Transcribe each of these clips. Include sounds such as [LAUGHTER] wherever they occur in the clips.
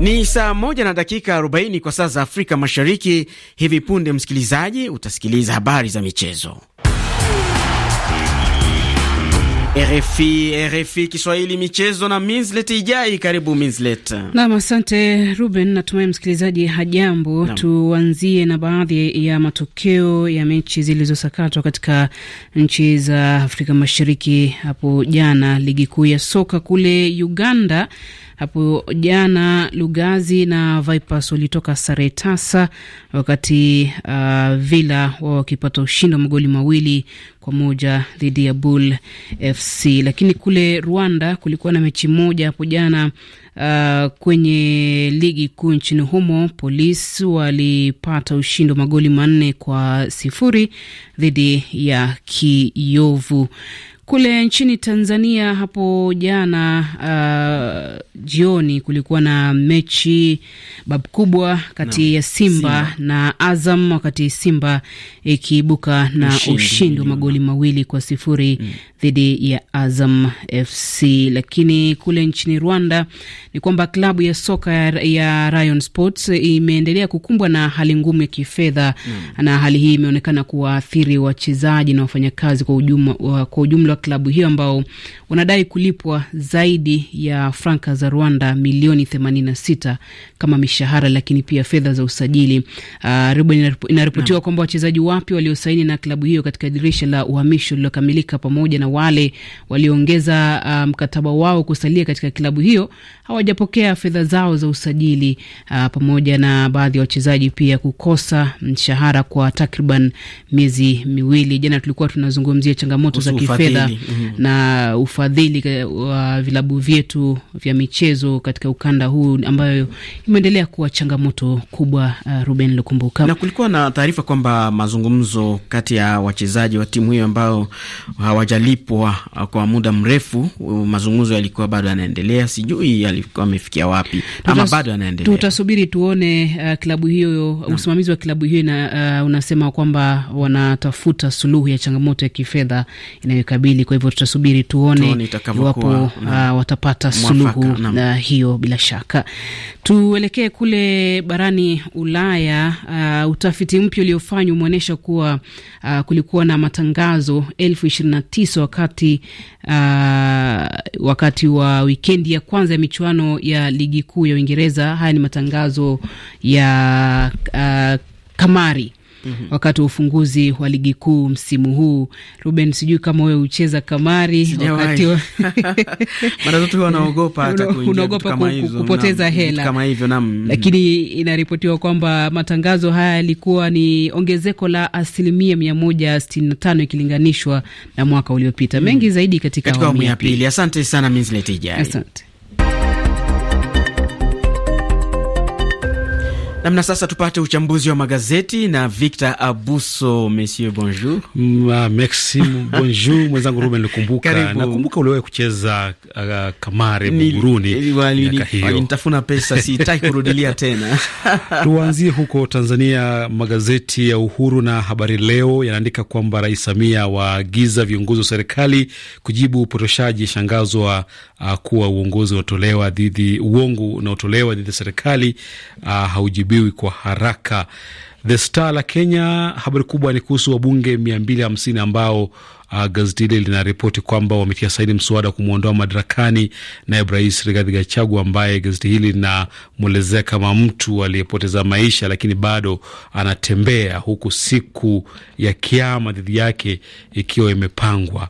Ni saa moja na dakika 40 kwa saa za Afrika Mashariki. Hivi punde, msikilizaji, utasikiliza habari za michezo. RFI, RFI Kiswahili michezo na Minslet Ijai. Karibu Minslet. Naam, asante Ruben, natumai msikilizaji hajambo. Tuanzie na baadhi ya matokeo ya mechi zilizosakatwa katika nchi za Afrika Mashariki hapo jana. Ligi kuu ya soka kule Uganda hapo jana, Lugazi na Vipers walitoka sare tasa, wakati uh, Villa wao wakipata ushindi wa magoli mawili kwa moja dhidi ya Bull FC. DRC. Lakini kule Rwanda kulikuwa na mechi moja hapo jana uh, kwenye ligi kuu nchini humo. Polisi walipata ushindi wa magoli manne kwa sifuri dhidi ya Kiyovu. Kule nchini Tanzania hapo jana uh, jioni kulikuwa na mechi bab kubwa kati no, ya Simba, Simba na Azam, wakati Simba ikiibuka na ushindi wa magoli mawili kwa sifuri mm, dhidi ya Azam FC. Lakini kule nchini Rwanda ni kwamba klabu ya soka ya Rayon Sports imeendelea kukumbwa na hali ngumu ya kifedha mm, na hali hii imeonekana kuwaathiri wachezaji na wafanyakazi kwa ujumla, kwa ujumla wa klabu hiyo ambao wanadai kulipwa zaidi ya franka za Rwanda milioni 86 kama mishahara, lakini pia fedha za usajili. Uh, inaripotiwa kwamba wachezaji wapya waliosaini na klabu hiyo katika dirisha la uhamisho lililokamilika pamoja na na wale walioongeza uh, mkataba um, wao kusalia katika klabu hiyo hawajapokea fedha zao za usajili uh, pamoja na baadhi ya wachezaji pia kukosa mshahara kwa takriban miezi miwili. Jana tulikuwa tunazungumzia changamoto za kifedha mm -hmm. na ufadhili wa uh, vilabu vyetu vya michezo katika ukanda huu ambayo imeendelea kuwa changamoto kubwa. Uh, Ruben Lukumbuka, na kulikuwa na taarifa kwamba mazungumzo kati ya wachezaji wa timu hiyo ambao hawajali kulipwa uh, kwa muda mrefu. Uh, mazungumzo yalikuwa bado yanaendelea, sijui yalikuwa amefikia wapi ama bado yanaendelea. Tutasubiri tuone. Uh, klabu hiyo no. Usimamizi wa klabu hiyo na, uh, unasema kwamba wanatafuta suluhu ya changamoto ya kifedha inayokabili. Kwa hivyo tutasubiri tuone iwapo uh, watapata suluhu na, uh, hiyo bila shaka. Tuelekee kule barani Ulaya. Uh, utafiti mpya uliofanywa umeonyesha kuwa uh, kulikuwa na matangazo elfu ishirini na tisa wakati uh, wakati wa wikendi ya kwanza ya michuano ya ligi kuu ya Uingereza. Haya ni matangazo ya uh, kamari -hmm. wakati wa ufunguzi wa ligi kuu msimu huu. Ruben, sijui kama wewe ucheza kamari wakati wa... [LAUGHS] mara zote huwa naogopa hata kuingia, unaogopa kupoteza hela kama hivyo nam, mhm. lakini inaripotiwa kwamba matangazo haya yalikuwa ni ongezeko la asilimia mia moja sitini na tano ikilinganishwa na mwaka uliopita. Mhm. Mengi zaidi katika awamu ya pili. Asante sana Minzletija, asante. Namna sasa tupate uchambuzi wa magazeti na Victor Abuso. Monsieur bonjour. Ma, mm, ah, merci [LAUGHS] bonjour mwenzangu Ruben Lukumbuka, nakumbuka uliwahi kucheza uh, kamare Buguruni, Nitafuna pesa, sitaki kurudilia [LAUGHS] tena [LAUGHS] tuanzie huko Tanzania. Magazeti ya Uhuru na Habari Leo yanaandika kwamba Rais Samia waagiza viongozi wa serikali kujibu upotoshaji, shangazwa uh, ah, kuwa uongozi unaotolewa dhidi, uongo unaotolewa dhidi ya serikali uh, haujibu hazijibiwi kwa haraka. The Star la Kenya, habari kubwa ni kuhusu wabunge 250 ambao Uh, gazeti hili linaripoti kwamba wametia saini mswada wa kumwondoa madarakani naibu rais Rigathi Gachagua ambaye gazeti hili linamwelezea kama mtu aliyepoteza maisha, lakini bado anatembea, huku siku ya kiama dhidi yake ikiwa imepangwa.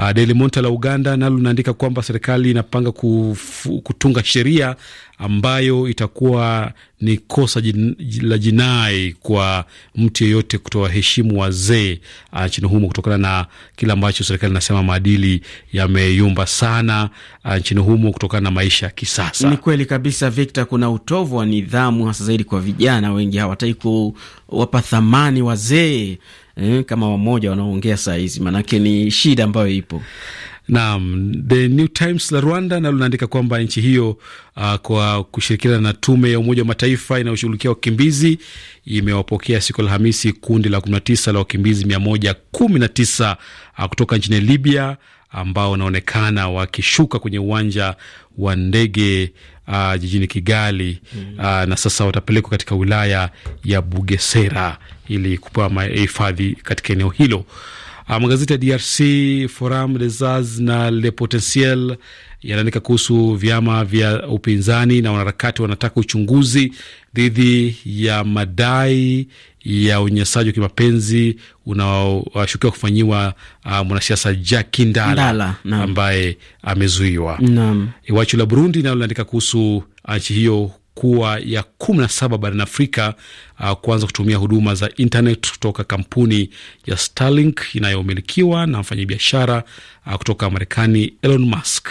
Uh, Daily Monitor la Uganda nalo linaandika kwamba serikali inapanga kufu, kutunga sheria ambayo itakuwa ni kosa jin, la jinai kwa mtu yeyote heshima wazee uh, nchini humo kutokana na kile ambacho serikali inasema maadili yameyumba sana uh, nchini humo kutokana na maisha ya kisasa. Ni kweli kabisa Victor, kuna utovu wa nidhamu hasa zaidi kwa vijana, wengi hawataki kuwapa thamani wazee eh, kama wamoja wanaoongea saa hizi, maanake ni shida ambayo ipo. Naam, The New Times la Rwanda nalo linaandika kwamba nchi hiyo uh, kwa kushirikiana na tume ya Umoja wa Mataifa inayoshughulikia wakimbizi imewapokea siku Alhamisi kundi la 19 la wakimbizi 119 uh, ah, kutoka nchini Libya ambao wanaonekana wakishuka kwenye uwanja wa ndege uh, jijini Kigali mm. uh, na sasa watapelekwa katika wilaya ya Bugesera ili kupewa hifadhi katika eneo hilo. Uh, magazeti ya DRC Forum des As na Le Potentiel yanaandika kuhusu vyama vya upinzani na wanaharakati wanataka uchunguzi dhidi ya madai ya unyanyasaji wa kimapenzi unaoshukiwa kufanyiwa uh, mwanasiasa Jack Ndala ambaye amezuiwa. Iwachu la Burundi nalo linaandika kuhusu uh, nchi hiyo kuwa ya kumi na saba barani Afrika uh, kuanza kutumia huduma za internet kutoka kampuni ya Starlink inayomilikiwa na mfanyabiashara uh, kutoka Marekani Elon Musk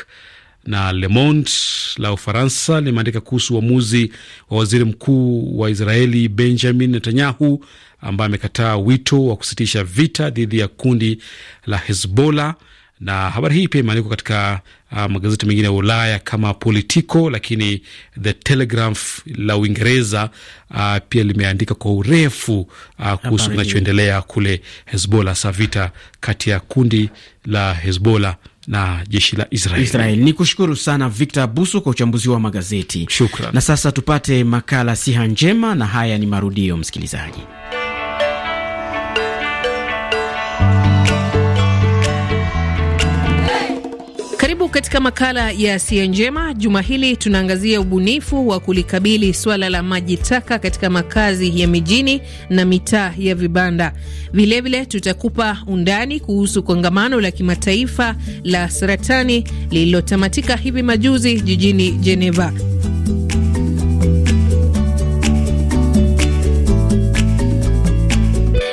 na Le Monde la Ufaransa limeandika kuhusu uamuzi wa waziri mkuu wa Israeli Benjamin Netanyahu ambaye amekataa wito wa kusitisha vita dhidi ya kundi la Hezbollah na habari hii pia imeandikwa katika uh, magazeti mengine ya Ulaya kama Politico, lakini The Telegraph la Uingereza uh, pia limeandika kwa urefu uh, kuhusu kinachoendelea kule Hezbollah, sa vita kati ya kundi la Hezbollah na jeshi la Israel. Israel. Ni kushukuru sana Victor Busu kwa uchambuzi wa magazeti. Shukran. Na sasa tupate makala siha njema, na haya ni marudio, msikilizaji. katika makala ya Asia Njema. Juma hili tunaangazia ubunifu wa kulikabili suala la maji taka katika makazi ya mijini na mitaa ya vibanda. Vilevile tutakupa undani kuhusu kongamano la kimataifa la saratani lililotamatika hivi majuzi jijini Geneva.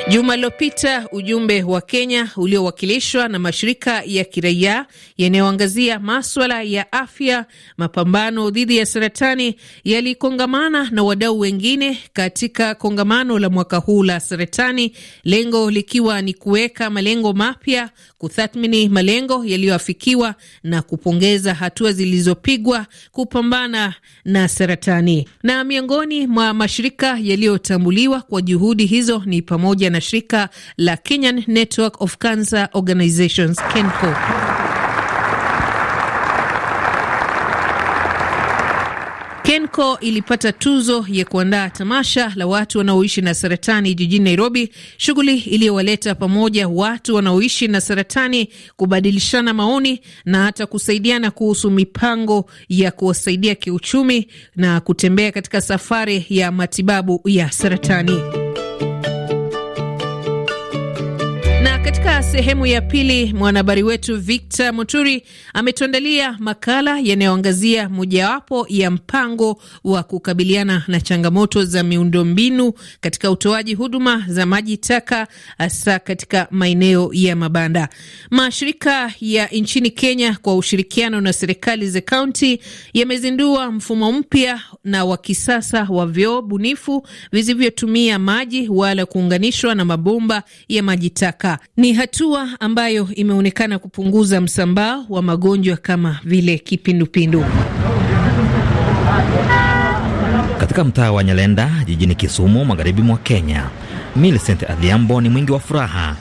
Juma lilopita ujumbe wa Kenya uliowakilishwa na mashirika ya kiraia yanayoangazia maswala ya afya, mapambano dhidi ya saratani yalikongamana na wadau wengine katika kongamano la mwaka huu la saratani, lengo likiwa ni kuweka malengo mapya, kutathmini malengo yaliyoafikiwa na kupongeza hatua zilizopigwa kupambana na saratani. Na miongoni mwa mashirika yaliyotambuliwa kwa juhudi hizo ni pamoja na na shirika la Kenyan Network of Cancer Organizations, KENCO. KENCO ilipata tuzo ya kuandaa tamasha la watu wanaoishi na saratani jijini Nairobi, shughuli iliyowaleta pamoja watu wanaoishi na saratani kubadilishana maoni na hata kusaidiana kuhusu mipango ya kuwasaidia kiuchumi na kutembea katika safari ya matibabu ya saratani. Katika sehemu ya pili, mwanahabari wetu Victor Muturi ametuandalia makala yanayoangazia mojawapo ya mpango wa kukabiliana na changamoto za miundombinu katika utoaji huduma za maji taka, hasa katika maeneo ya mabanda. Mashirika ya nchini Kenya kwa ushirikiano na serikali za kaunti yamezindua mfumo mpya na wa kisasa wa vyoo bunifu visivyotumia maji wala kuunganishwa na mabomba ya maji taka. Ni hatua ambayo imeonekana kupunguza msambaa wa magonjwa kama vile kipindupindu. Katika mtaa wa Nyalenda jijini Kisumu, magharibi mwa Kenya, Millicent Adhiambo ni mwingi wa furaha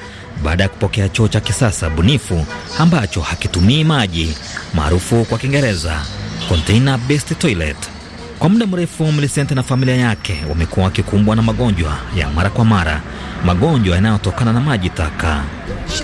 baada ya kupokea choo cha kisasa bunifu ambacho hakitumii maji, maarufu kwa Kiingereza container based toilet. Kwa muda mrefu mlisente na familia yake wamekuwa wakikumbwa na magonjwa ya mara kwa mara, magonjwa yanayotokana na maji taka.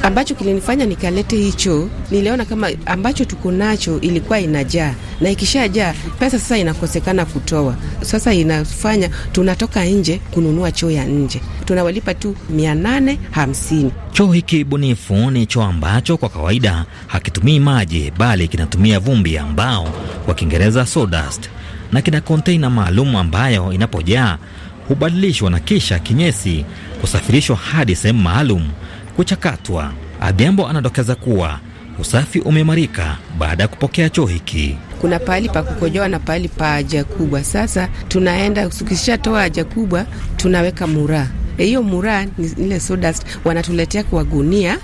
Ambacho kilinifanya nikalete hicho, niliona kama ambacho tuko nacho ilikuwa inajaa, na ikishajaa pesa sasa inakosekana kutoa. Sasa inafanya tunatoka nje kununua choo ya nje, tunawalipa tu mia nane hamsini. Choo hiki bunifu ni choo ambacho kwa kawaida hakitumii maji, bali kinatumia vumbi ambao kwa Kiingereza sawdust na kina konteina maalum ambayo inapojaa hubadilishwa na kisha kinyesi kusafirishwa hadi sehemu maalum kuchakatwa. Adhiambo anadokeza kuwa usafi umeimarika baada ya kupokea choo hiki. Kuna pahali pa kukojoa na pahali pa haja kubwa. Sasa tunaenda toa haja kubwa, tunaweka muraa. Eh, hiyo muraa ni ile sawdust wanatuletea kwa gunia,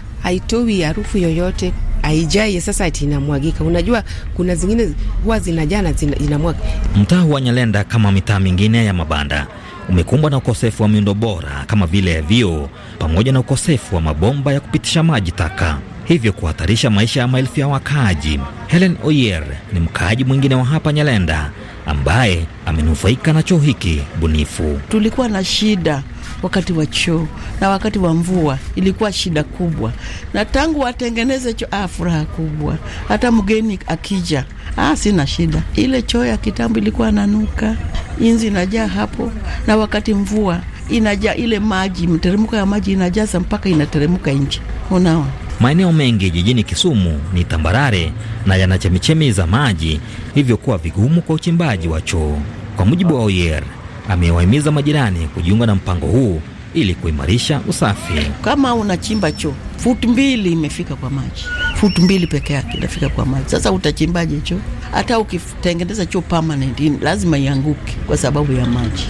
harufu yoyote haijai sasa ati inamwagika. Unajua kuna zingine huwa zinajaa na zinamwaga. Mtaa wa Nyalenda kama mitaa mingine ya mabanda umekumbwa na ukosefu wa miundo bora kama vile vyoo pamoja na ukosefu wa mabomba ya kupitisha maji taka, hivyo kuhatarisha maisha ya maelfu ya wakaaji. Helen Oyer ni mkaaji mwingine wa hapa Nyalenda ambaye amenufaika na choo hiki bunifu. Tulikuwa na shida wakati wa choo na wakati wa mvua ilikuwa shida kubwa, na tangu watengeneze choo, ah, furaha kubwa. Hata mgeni akija, ah, sina shida. Ile choo ya kitambo ilikuwa nanuka, inzi inajaa hapo, na wakati mvua inajaa ile maji, mteremko ya maji inajaza mpaka inateremka nje, unaona. Maeneo mengi jijini Kisumu ni tambarare na yana chemichemi za maji, hivyo kuwa vigumu kwa uchimbaji wa choo, kwa mujibu wa Oyer amewahimiza majirani kujiunga na mpango huu ili kuimarisha usafi. Kama unachimba choo futi mbili imefika kwa maji, futi mbili peke yake inafika kwa maji. Sasa utachimbaje choo? Hata ukitengeneza choo permanent lazima ianguke kwa sababu ya maji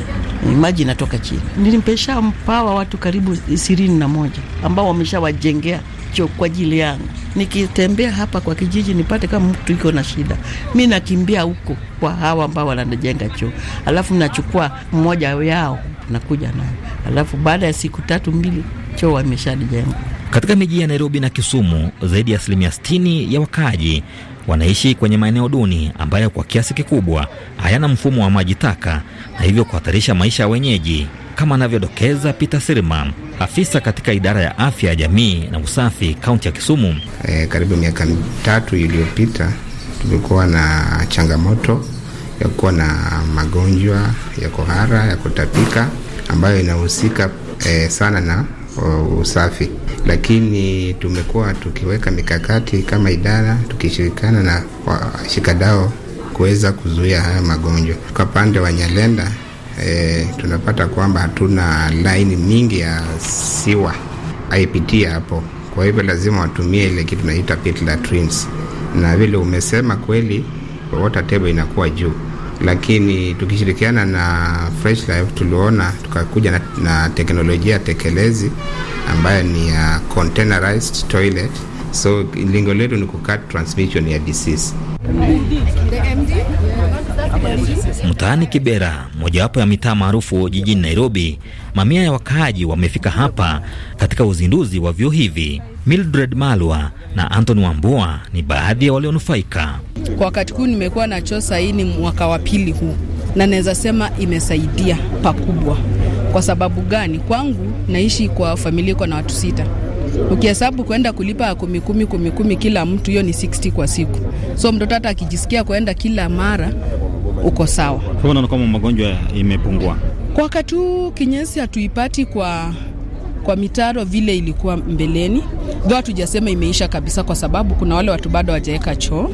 maji inatoka chini. Nilimpesha mpawa watu karibu ishirini na moja ambao wameshawajengea hicho kwa ajili yangu. Nikitembea hapa kwa kijiji nipate kama mtu iko na shida, mi nakimbia huko kwa hawa ambao wanajenga choo, alafu nachukua mmoja yao nakuja nayo, alafu baada ya siku tatu mbili choo wameshalijenga. Katika miji ya Nairobi na Kisumu, zaidi ya asilimia 60 ya wakaaji wanaishi kwenye maeneo duni ambayo kwa kiasi kikubwa hayana mfumo wa maji taka na hivyo kuhatarisha maisha ya wenyeji, kama anavyodokeza Peter Sirma, afisa katika idara ya afya ya jamii na usafi kaunti ya Kisumu. E, karibu miaka mitatu iliyopita tumekuwa na changamoto ya kuwa na magonjwa ya kuhara ya kutapika ambayo inahusika e, sana na Uh, usafi, lakini tumekuwa tukiweka mikakati kama idara tukishirikiana na washikadao kuweza kuzuia haya magonjwa. Kwa pande wa Nyalenda e, tunapata kwamba hatuna laini mingi ya siwa aipitia hapo, kwa hivyo lazima watumie ile kitu tunaita pit latrines, na vile umesema kweli, water table inakuwa juu lakini tukishirikiana na Fresh Life tuliona tukakuja na, na teknolojia tekelezi ambayo ni ya uh, containerized toilet. So lengo letu ni kukat transmission ya disease. The MD? The MD? Mtaani Kibera, mojawapo ya mitaa maarufu jijini Nairobi, mamia ya wakaaji wamefika hapa katika uzinduzi wa vyo hivi. Mildred Malwa na Anthony Wambua ni baadhi ya walionufaika. Kwa wakati huu nimekuwa na choo sahii, ni mwaka wa pili huu, na naweza sema imesaidia pakubwa. Kwa sababu gani? Kwangu naishi kwa familia iko na watu sita ukihesabu kwenda kulipa kumi kumi kumi kumi kila mtu, hiyo ni 60 kwa siku. So mtoto hata akijisikia kwenda kila mara, uko sawa. Kwa unaona kama magonjwa imepungua kwa wakati huu. Kinyesi hatuipati kwa kwa mitaro vile ilikuwa mbeleni, though hatujasema imeisha kabisa, kwa sababu kuna wale watu bado hawajaweka choo,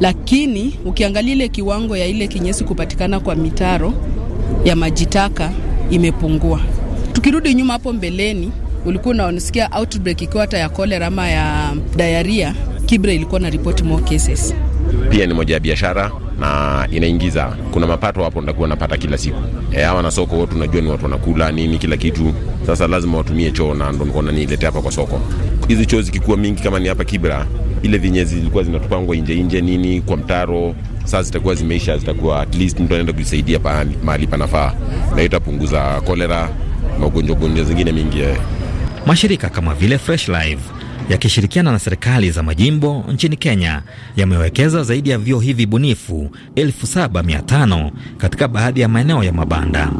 lakini ukiangalia ile kiwango ya ile kinyesi kupatikana kwa mitaro ya majitaka imepungua. Tukirudi nyuma hapo mbeleni, ulikuwa unaonisikia outbreak ikiwa hata ya cholera ama ya diarrhea, Kibra ilikuwa na report more cases. Pia ni moja ya biashara na inaingiza, kuna mapato hapo nitakuwa napata kila siku. E, hawa na soko wote unajua ni watu wanakula nini kila kitu. Sasa lazima watumie choo na ndo niko naniletea hapa kwa soko. Hizi choo zikikuwa mingi kama ni hapa Kibra, ile vinyezi zilikuwa zinatupangwa nje nje nini kwa mtaro sasa zitakuwa zimeisha, zitakuwa at least mtu anaenda kujisaidia mahali panafaa, na itapunguza kolera na ugonjwa gonjwa zingine mingi. Eh. Mashirika kama vile Fresh Life yakishirikiana na serikali za majimbo nchini Kenya yamewekeza zaidi ya vyoo hivi bunifu 7500 katika baadhi ya maeneo ya mabanda.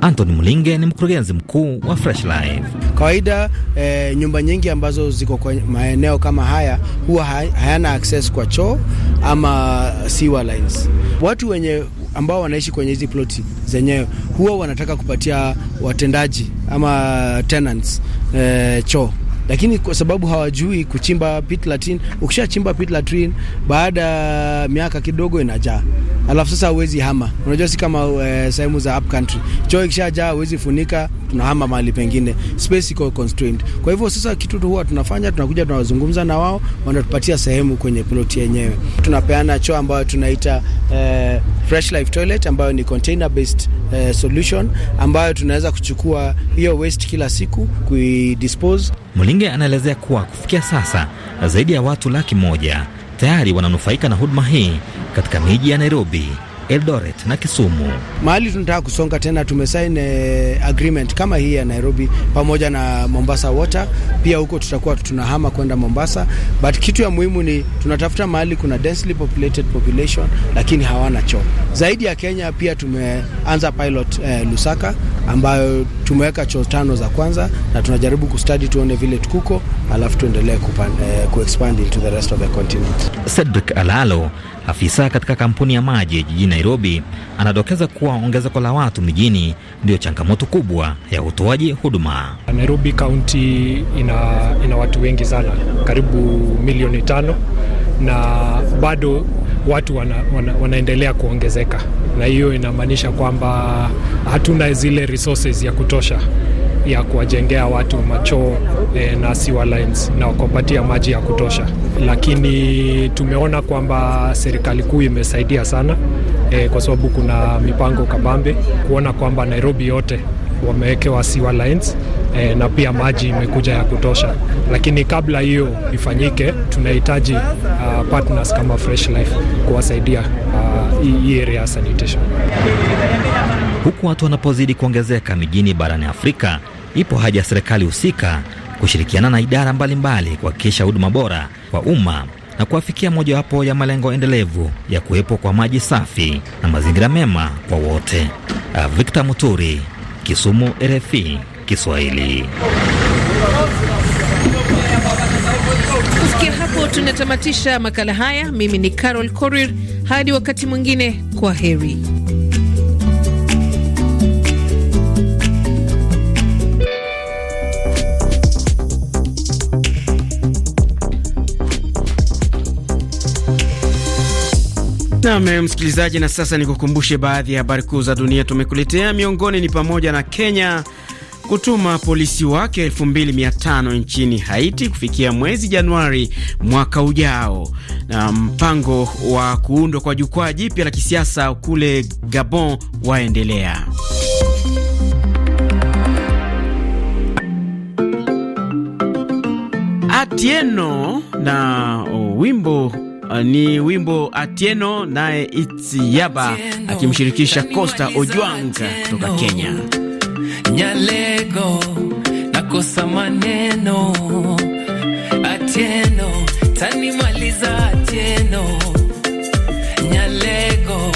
Anthony Mlinge ni mkurugenzi mkuu wa Fresh Life. Kawaida eh, nyumba nyingi ambazo ziko kwa maeneo kama haya huwa hayana access kwa choo ama sewer lines. Watu wenye ambao wanaishi kwenye hizi ploti zenyewe huwa wanataka kupatia watendaji ama tenants eh, choo lakini kwa sababu hawajui kuchimba pit latrine. Ukishachimba pit latrine, baada ya miaka kidogo inajaa, alafu sasa huwezi hama. Unajua si kama uh, sehemu za up country, choo ikishajaa huwezi funika tunahama mahali pengine, space iko constrained. Kwa hivyo sasa kitu huwa tunafanya tunakuja, tunawazungumza na wao, wanatupatia sehemu kwenye ploti yenyewe. Tunapeana choo ambayo tunaita eh, fresh life toilet ambayo ni container based eh, solution ambayo tunaweza kuchukua hiyo waste kila siku kuidispose. Mlinge anaelezea kuwa kufikia sasa zaidi ya watu laki moja tayari wananufaika na huduma hii katika miji ya Nairobi Eldoret na Kisumu. Mahali tunataka kusonga tena, tumesign eh, agreement kama hii ya Nairobi pamoja na Mombasa Water, pia huko tutakuwa tunahama kwenda Mombasa, but kitu ya muhimu ni tunatafuta mahali kuna densely populated population, lakini hawana choo. Zaidi ya Kenya pia tumeanza pilot eh, Lusaka ambayo tumeweka choo tano za kwanza na tunajaribu kustadi tuone vile tukuko, alafu tuendelee kuexpand eh, into the rest of the continent. Cedric Alalo, afisa katika kampuni ya maji jijini Nairobi, anadokeza kuwa ongezeko la watu mijini ndiyo changamoto kubwa ya utoaji huduma. Nairobi County ina, ina watu wengi sana, karibu milioni tano na bado watu wana, wana, wanaendelea kuongezeka, na hiyo inamaanisha kwamba hatuna zile resources ya kutosha ya kuwajengea watu machoo e, na sewer lines na kuwapatia maji ya kutosha, lakini tumeona kwamba serikali kuu imesaidia sana e, kwa sababu kuna mipango kabambe kuona kwamba Nairobi yote wamewekewa siwa lines e, na pia maji imekuja ya kutosha, lakini kabla hiyo ifanyike, tunahitaji uh, partners kama Fresh Life kuwasaidia ah, hii uh, area ya sanitation. Huku watu wanapozidi kuongezeka mijini barani Afrika, ipo haja ya serikali husika kushirikiana na idara mbalimbali kuhakikisha huduma bora kwa umma na kuafikia mojawapo ya malengo endelevu ya kuwepo kwa maji safi na mazingira mema kwa wote. Ah, Victor Muturi, Kisumu, RFI Kiswahili. Kufikia hapo tunatamatisha makala haya. Mimi ni Carol Korir, hadi wakati mwingine, kwa heri. Nam eh, msikilizaji, na sasa nikukumbushe baadhi ya habari kuu za dunia tumekuletea. Miongoni ni pamoja na Kenya kutuma polisi wake 2500 nchini Haiti kufikia mwezi Januari mwaka ujao, na mpango wa kuundwa kwa jukwaa jipya la kisiasa kule Gabon waendelea. Atieno na wimbo Eh, ni wimbo Atieno naye Itsi Yaba akimshirikisha Costa Ojwang kutoka Kenya. Nyalego nakosa maneno, Atieno tanimaliza, Atieno Nyalego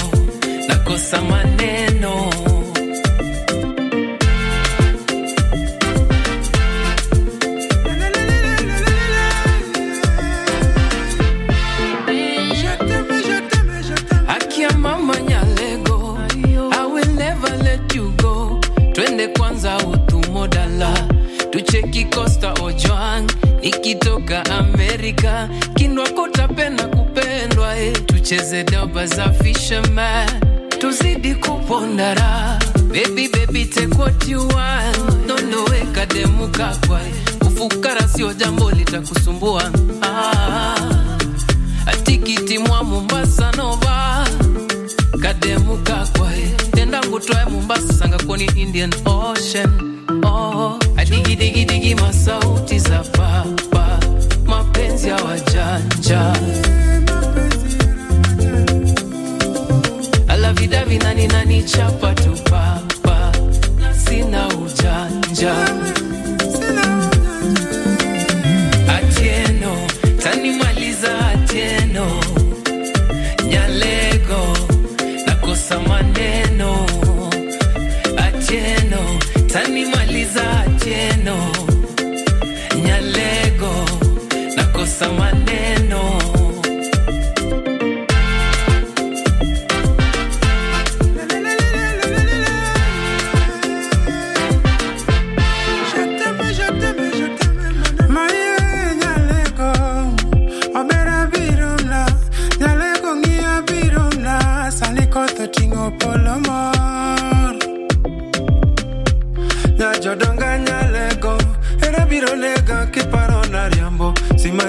nakosa maneno mvua ah, tikiti mwa Mombasa nova kademuka kwae tenda twae Mombasa sanga koni Indian Ocean oh, oh, oh. digidigi masau Send me money.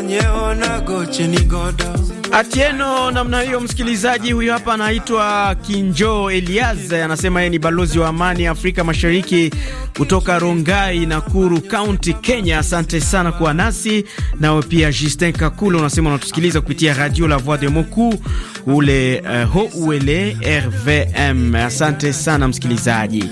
na goche ni godo Atieno namna hiyo, msikilizaji. Huyu hapa anaitwa Kinjo Elias, anasema yeye ni balozi wa amani Afrika Mashariki kutoka Rongai, Nakuru County, Kenya. Asante sana kuwa nasi. Nawe pia Justin Kakulo unasema unatusikiliza kupitia Radio La Voix de Moku ule uh, eh, ho RVM. Asante sana msikilizaji,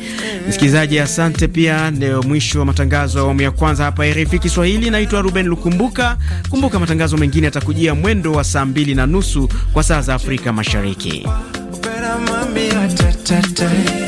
msikilizaji asante pia. Ndio mwisho wa matangazo ya awamu ya kwanza hapa RFI Kiswahili. Naitwa Ruben Lukumbuka. Kumbuka matangazo mengine yatakujia mwendo wa saa mbili mbili na nusu kwa saa za Afrika Mashariki.